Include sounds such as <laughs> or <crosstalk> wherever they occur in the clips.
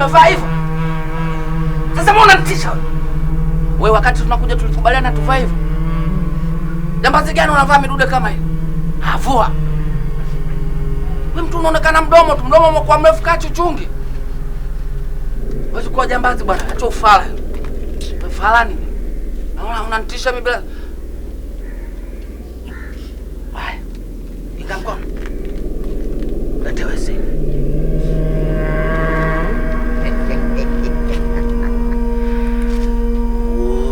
umevaa hivyo? Sasa mbona unanitisha wewe? Wewe wakati tunakuja tulikubaliana tuvaa hivyo. Jambazi gani unavaa midude kama hiyo? Havua. Wewe mtu unaonekana mdomo tu, mdomo umekuwa mrefu kachu chungi Wewe kwa jambazi bwana, acha ufala. Ufala nini? Naona unanitisha mimi bila. Haya. Inga mkono. Letea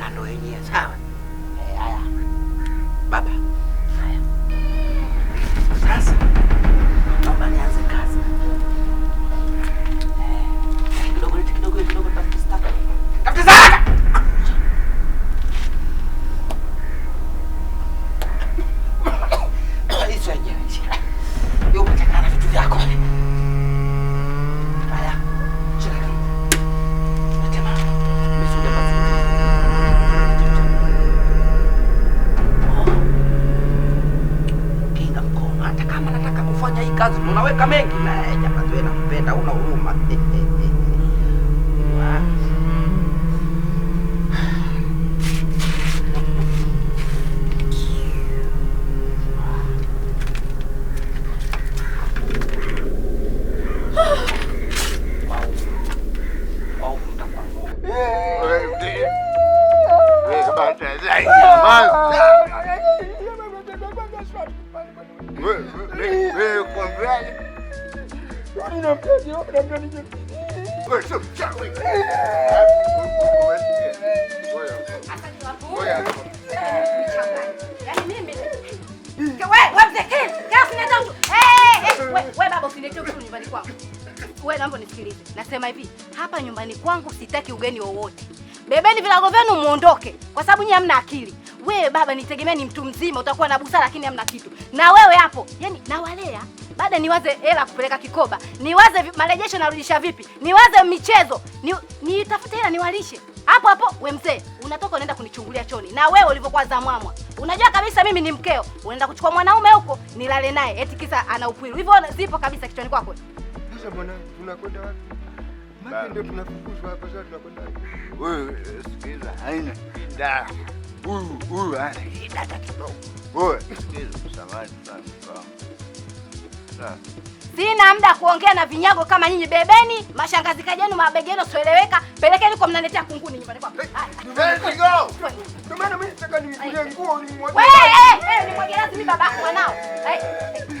拿路也尼尔。nisikilize, nasema hivi, hapa nyumbani kwangu sitaki ugeni wowote. Bebeni vilago vyenu muondoke, kwa sababu nyinyi hamna akili. Wewe baba nitegemea ni mtu mzima, utakuwa na busara, lakini hamna kitu. Na wewe hapo, yani nawalea baada niwaze hela kupeleka Kikoba, niwaze marejesho narudisha vipi, niwaze michezo, nitafute ni hela niwalishe hapo hapo. We mzee, unatoka unaenda kunichungulia choni, na wewe ulivyokuwa za mwamwa, unajua kabisa mimi ni mkeo, unaenda kuchukua mwanaume huko nilale naye eti kisa ana upwiru. Hivyo zipo kabisa kichwani kwako. Sasa mwanangu, tunakwenda wapi? Maana ndio tunafukuzwa hapa sasa, tunakwenda wapi? Wewe sikiza, haina shida. Huyu huyu ana shida kidogo. Wewe sikiza, samahani sana. Sasa sina muda kuongea na vinyago kama nyinyi. Bebeni mashangazi kajenu mabegeno soeleweka, pelekeni kwa mnaletea kunguni nyumbani kwa. mimi nataka nimkulie nguo ni mwanao. Wewe eh, ni mwanao lazima babako mwanao.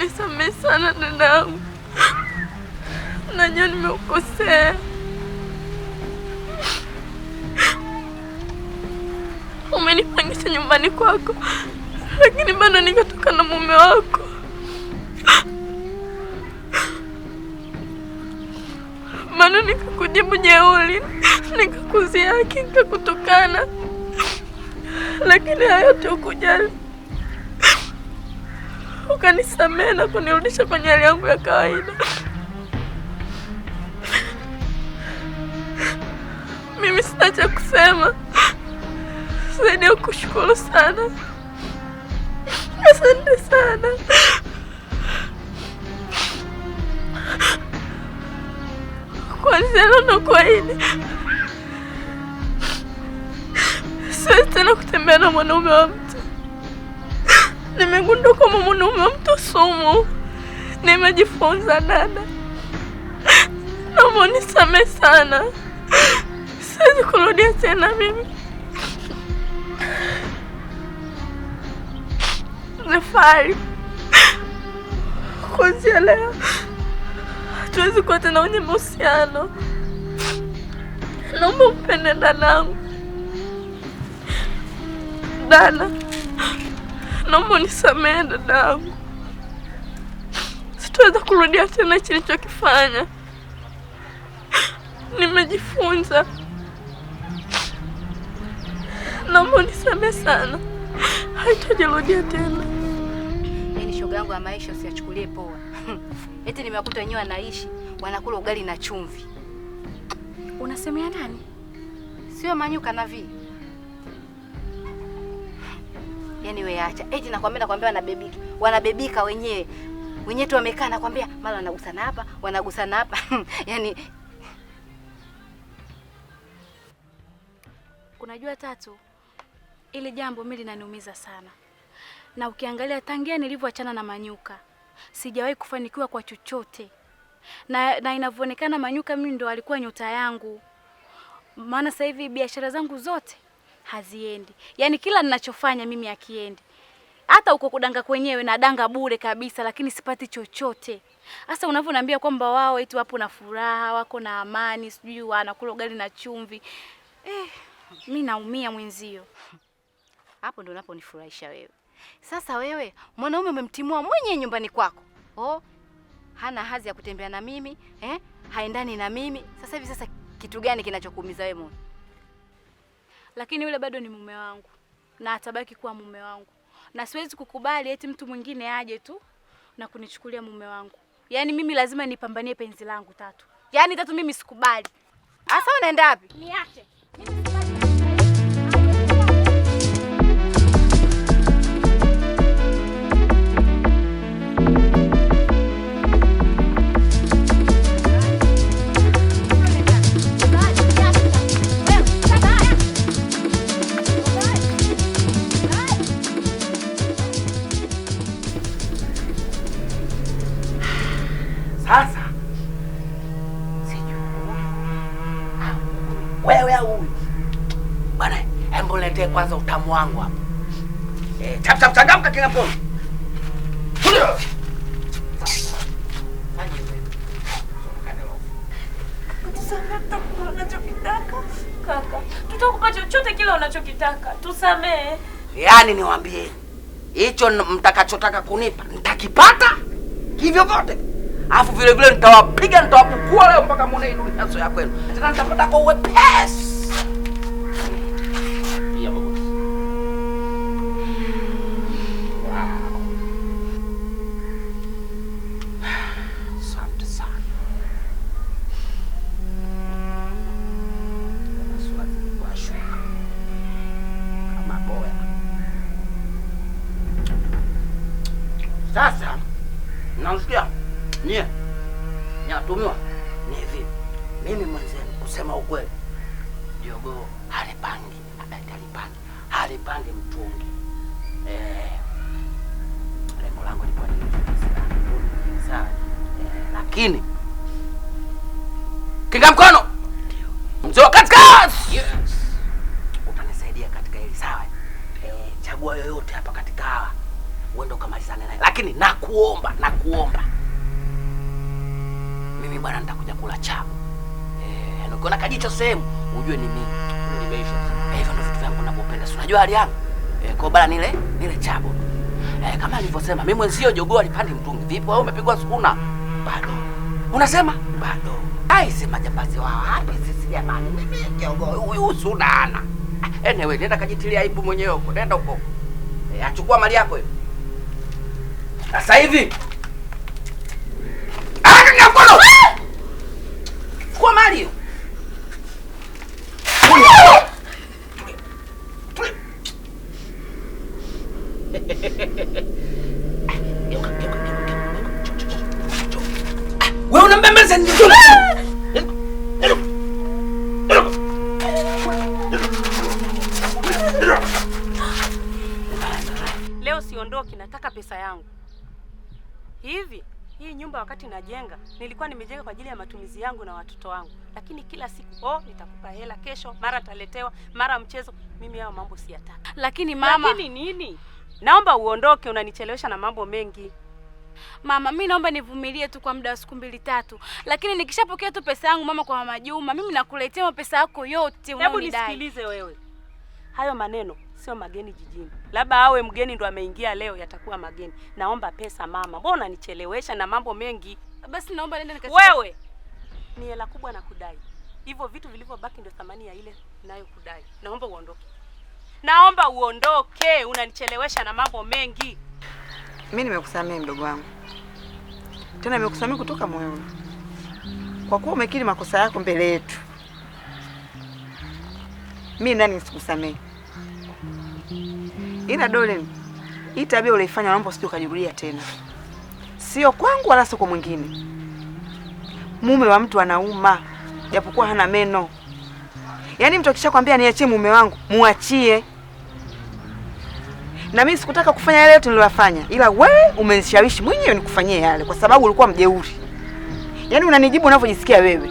Nisamehe sana dadangu, najua nimekukosea. Umenipangisha nyumbani kwako, lakini bado nikatoka na mume wako maana nikakujibu jeuli, nikakudhihaki, nikakutukana, lakini hayo yote ukujali, ukanisamehe na kunirudisha kwenye hali yangu ya kawaida. Mimi sina cha kusema zaidi ya kushukuru sana. Asante sana. tena na kuahidi, siwezi tena kutembea na mwanaume wa mtu. Nimegundua kama mwanaume wa mtu sumu. Nimejifunza dada, naomba unisamehe sana, siwezi kurudia tena mimi. Zefari, kuanzia leo hatuwezi kuwa tena kwenye mahusiano naomba mpende dadangu. Dada, naomba unisamehe dadangu, sitaweza kurudia tena hichi nilichokifanya. Nimejifunza, naomba unisamehe sana, haitajirudia tena. ni yaani shoga yangu ya maisha usiyachukulie poa. <laughs> Eti nimewakuta wenyewe wanaishi wanakula ugali na chumvi Unasemea nani? Sio Manyuka na vi. Yaani wewe acha. Eti nakwambia nakwambia wanabebika. Wanabebika wenyewe. Wenyewe tu wamekaa nakwambia mara wanagusana hapa, wanagusana hapa. <laughs> Yaani Unajua Tatu, ili jambo mimi linaniumiza sana, na ukiangalia tangia nilivyoachana na Manyuka sijawahi kufanikiwa kwa chochote na, na inavyoonekana Manyuka mimi ndo alikuwa nyota yangu, maana sasa hivi biashara zangu zote haziendi, yaani kila ninachofanya mimi akiendi hata uko kudanga kwenyewe na danga bure kabisa, lakini sipati chochote. Sasa unavyoniambia kwamba wao eti wapo na furaha, wako na amani, sijui wanakula ugali na chumvi eh, mi naumia mwenzio. Hapo ndo unaponifurahisha wewe. Sasa wewe mwanaume umemtimua mwenye nyumbani kwako, oh hana hazi ya kutembea na mimi eh? haendani na mimi sasa hivi. Sasa kitu gani kinachokuumiza wewe mume? Lakini yule bado ni mume wangu na atabaki kuwa mume wangu, na siwezi kukubali eti mtu mwingine aje tu na kunichukulia mume wangu. Yaani mimi lazima nipambanie penzi langu Tatu, yaani Tatu, mimi sikubali. Asa unaenda wapi? Niache. niulize kwanza utamu wangu hapa. Eh, tap tap changamka kila mkono. tutakupa chochote kile unachokitaka. Tusamee. Yaani niwaambie hicho mtakachotaka kunipa nitakipata hivyo vyote, alafu vile vile nitawapiga, nitawapukua leo mpaka muone inuliaso ya kwenu, nitapata kwa uwepesi. mimi mwenzenu, kusema ukweli, jogoo halipangi, halipangi, halipangi mtungi. Eh, lengo langu lipo ni sana, eh, lakini kinga mkono mzee katika utanisaidia katika hili sawa. Eh, chagua yoyote hapa katika hawa uende ukamalizane naye, lakini nakuomba, nakuomba mimi bwana, nitakuja kula chapa ukiona kajicho sehemu ujue ni mimi. Nimeisha. Eh, hivyo ndio vitu vyangu ninavyopenda. Si unajua hali yangu? Eh, kwa bala nile nile chabu. Eh, kama nilivyosema mimi mwenzio jogoo alipanda mtungi. Vipi wewe umepigwa sukuna? Bado. Unasema? Bado. Ai, sema jambazi wa hapi sisi jamani. Mimi jogoo huyu suna ana. Anyway, nenda kajitilia aibu mwenyewe huko. Nenda huko. Eh, achukua mali yako hiyo. Sasa hivi Wewe unambembeleza Leo siondoki, nataka pesa yangu. Hivi hii nyumba wakati najenga nilikuwa nimejenga kwa ajili ya matumizi yangu na watoto wangu, lakini kila siku oh, nitakupa hela kesho, mara taletewa, mara mchezo. Mimi hayo mambo siyataka. Lakini mama, lakini nini Naomba uondoke, unanichelewesha na mambo mengi. Mama, mi naomba nivumilie tu kwa muda wa siku mbili tatu, lakini nikishapokea tu pesa yangu mama, kwa mama Juma, mimi nakuletea pesa yako yote unaonidai. Hebu nisikilize wewe, hayo maneno sio mageni jijini, labda awe mgeni ndo ameingia leo, yatakuwa mageni. Naomba pesa mama, mbona unanichelewesha na mambo mengi? Basi naomba nenda nikasema. Wewe ni hela kubwa nakudai, hivyo vitu vilivyobaki ndio thamani ya ile ninayokudai. Naomba uondoke naomba uondoke, unanichelewesha na mambo mengi. Mimi nimekusamehe mdogo wangu, tena nimekusamehe kutoka moyoni, kwa kuwa umekiri makosa yako mbele yetu. Mimi nani nisikusamehe? Ila Dole, hii tabia uliifanya naomba sije ukajirudia tena, sio kwangu wala sio kwa mwingine. Mume wa mtu anauma, japokuwa hana meno. Yaani mtu akishakwambia niachie mume wangu, muachie na mimi sikutaka kufanya yale yote niliyofanya, ila wewe umenishawishi mwenyewe nikufanyie yale, kwa sababu ulikuwa mjeuri. Yaani unanijibu unavyojisikia wewe,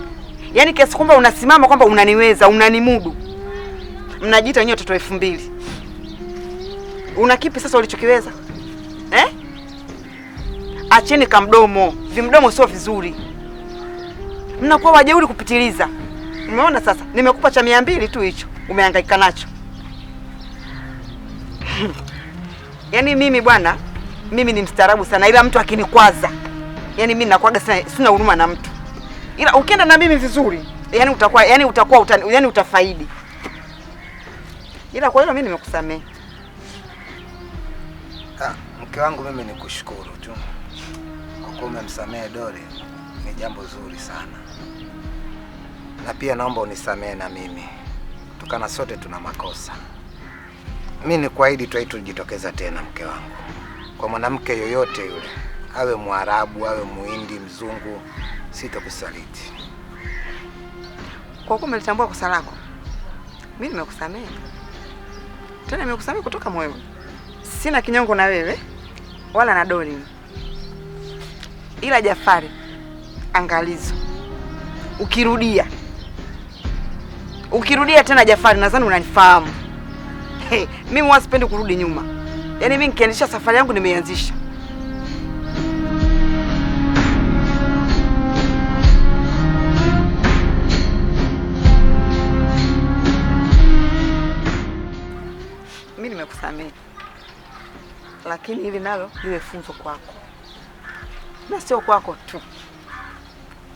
yaani kiasi kwamba unasimama kwamba unaniweza, unanimudu. Mnajiita wenyewe watoto elfu mbili. Una kipi sasa ulichokiweza eh? Acheni kamdomo, vimdomo sio vizuri, mnakuwa wajeuri kupitiliza. Umeona sasa, nimekupa cha mia mbili tu, hicho umehangaika nacho Yaani mimi bwana, mimi ni mstaarabu sana, ila mtu akinikwaza, yaani mimi nakwaga, sina huruma na mtu, ila ukienda na mimi vizuri, yaani utakuwa yaani utakuwa utan, yaani utafaidi, ila kwa hiyo mimi nimekusamehe. Ah, mke wangu, mimi ni kushukuru tu kwa kuwa umemsamehe Dori, ni jambo zuri sana, na pia naomba unisamehe na mimi, tukana sote tuna makosa mi kuahidi tu haitujitokeza tena, mke wangu. Kwa mwanamke yoyote yule, awe Mwarabu, awe Muhindi, Mzungu, sitakusaliti. Kwa kuwa umelitambua kosa lako, mi nimekusamehe, tena nimekusamehe kutoka moyoni. Sina kinyongo na wewe wala na doni ila Jafari, angalizo, ukirudia ukirudia tena Jafari, nadhani unanifahamu Hey, mimi sipendi kurudi nyuma. Yaani mimi nikianzisha safari yangu nimeianzisha. Mimi nimekusamehe, lakini hili nalo liwe funzo kwako na sio kwako tu,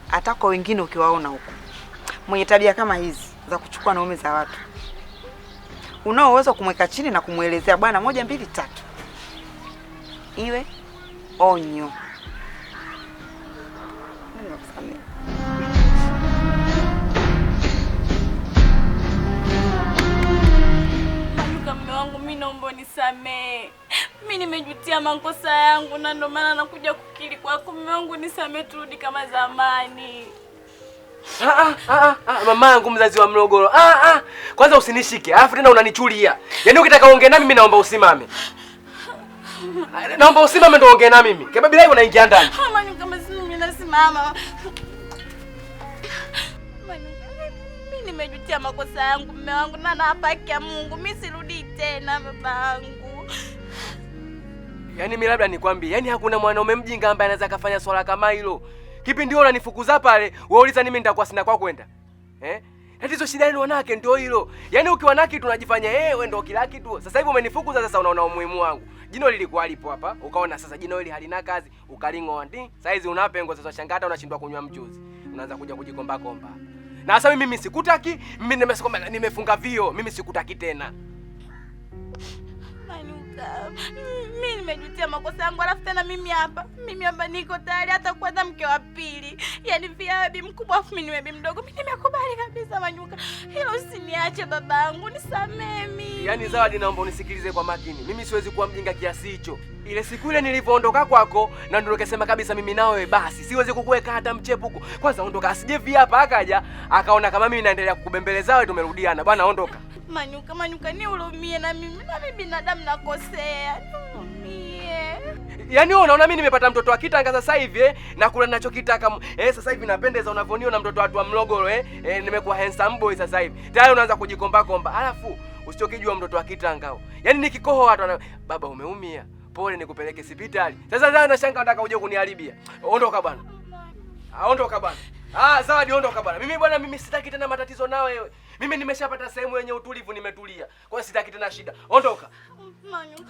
hata kwa wengine ukiwaona huko mwenye tabia kama hizi za kuchukua naume za watu unao uwezo kumweka chini na kumwelezea bwana, moja mbili tatu, iwe onyo. Mme wangu, mi naomba nisamee, mi nimejutia makosa yangu, na ndo maana nakuja kukiri kwako. Mme wangu, nisamee, turudi kama zamani. Ah, ah, ah, ah, ah mama yangu mzazi wa Mlogoro. Ah, ah. Kwanza usinishike, alafu tena unanichulia. Yaani ukitaka uongee nami mimi naomba usimame. Naomba usimame ndio uongee na mimi. Kama bila hiyo unaingia ndani. Mama kama si mimi nasimama. Mimi nimejutia makosa yangu mume wangu na naapa kwa Mungu. Mimi sirudi tena babangu. Yaani mimi labda nikwambie, yaani hakuna mwanaume mjinga ambaye anaweza kafanya swala kama hilo kipindi wewe unanifukuza pale, wewe uliza mimi nitakuwa sina kwa kwenda eh? Tatizo shida yenu wanawake ndio hilo. Yaani ukiwa na kitu unajifanya yeye eh, wewe ndio kila kitu. Sasa hivi umenifukuza sasa unaona umuhimu wangu. Jino lilikuwa lipo hapa, ukaona sasa jino hili halina kazi, ukalingoa ndi. Saizi una pengo sasa shangata unashindwa kunywa mchuzi. Unaanza kuja kujikomba komba. Na sasa mimi sikutaki, mimi nimefunga vio, mimi sikutaki tena mi nimejutia makosa yangu, alafu tena mimi hapa mimi hapa niko tayari hata kuanza mke wa pili, yaani pia bi mkubwa, afu mimi niwe bi mdogo. Mimi nimekubali kabisa, Manyuka, hilo usiniache babangu, nisamee mimi. Yaani Zawadi, naomba unisikilize kwa makini, mimi siwezi kuwa mjinga kiasi hicho. Ile siku ile nilivyoondoka kwako na ndio nikasema kabisa mimi na wewe basi siwezi kukuweka hata mchepuko. Kwanza ondoka, asije hapa akaja akaona kama mimi naendelea kukubembeleza wewe, tumerudiana bwana, ondoka. Manyuka, Manyuka, niulumie na mimi, nami binadamu nakosea, niulumie. Yaani wewe unaona mimi nimepata mtoto wa kitanga sasa hivi eh, na kula ninachokitaka eh, sasa hivi napendeza unavyoniona mtoto wa mlogoro eh, eh, nimekuwa handsome boy sasa hivi. Tayari unaanza kujikomba komba. Alafu usichokijua mtoto wa kitanga huo. Yaani kikoho watu wana baba umeumia. Pole nikupeleke hospitali. Sasa sasa nashanga nataka uje kuniharibia. Ondoka bwana. Ondoka bwana. Ah, Zawadi ondoka bwana. Mimi bwana mimi sitaki tena matatizo nawe wewe. Mimi nimeshapata sehemu yenye utulivu, nimetulia. Kwa hiyo sitaki tena shida. Ondoka. Manu.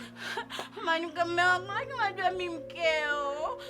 Manu kama Manu anajua mimi mkeo.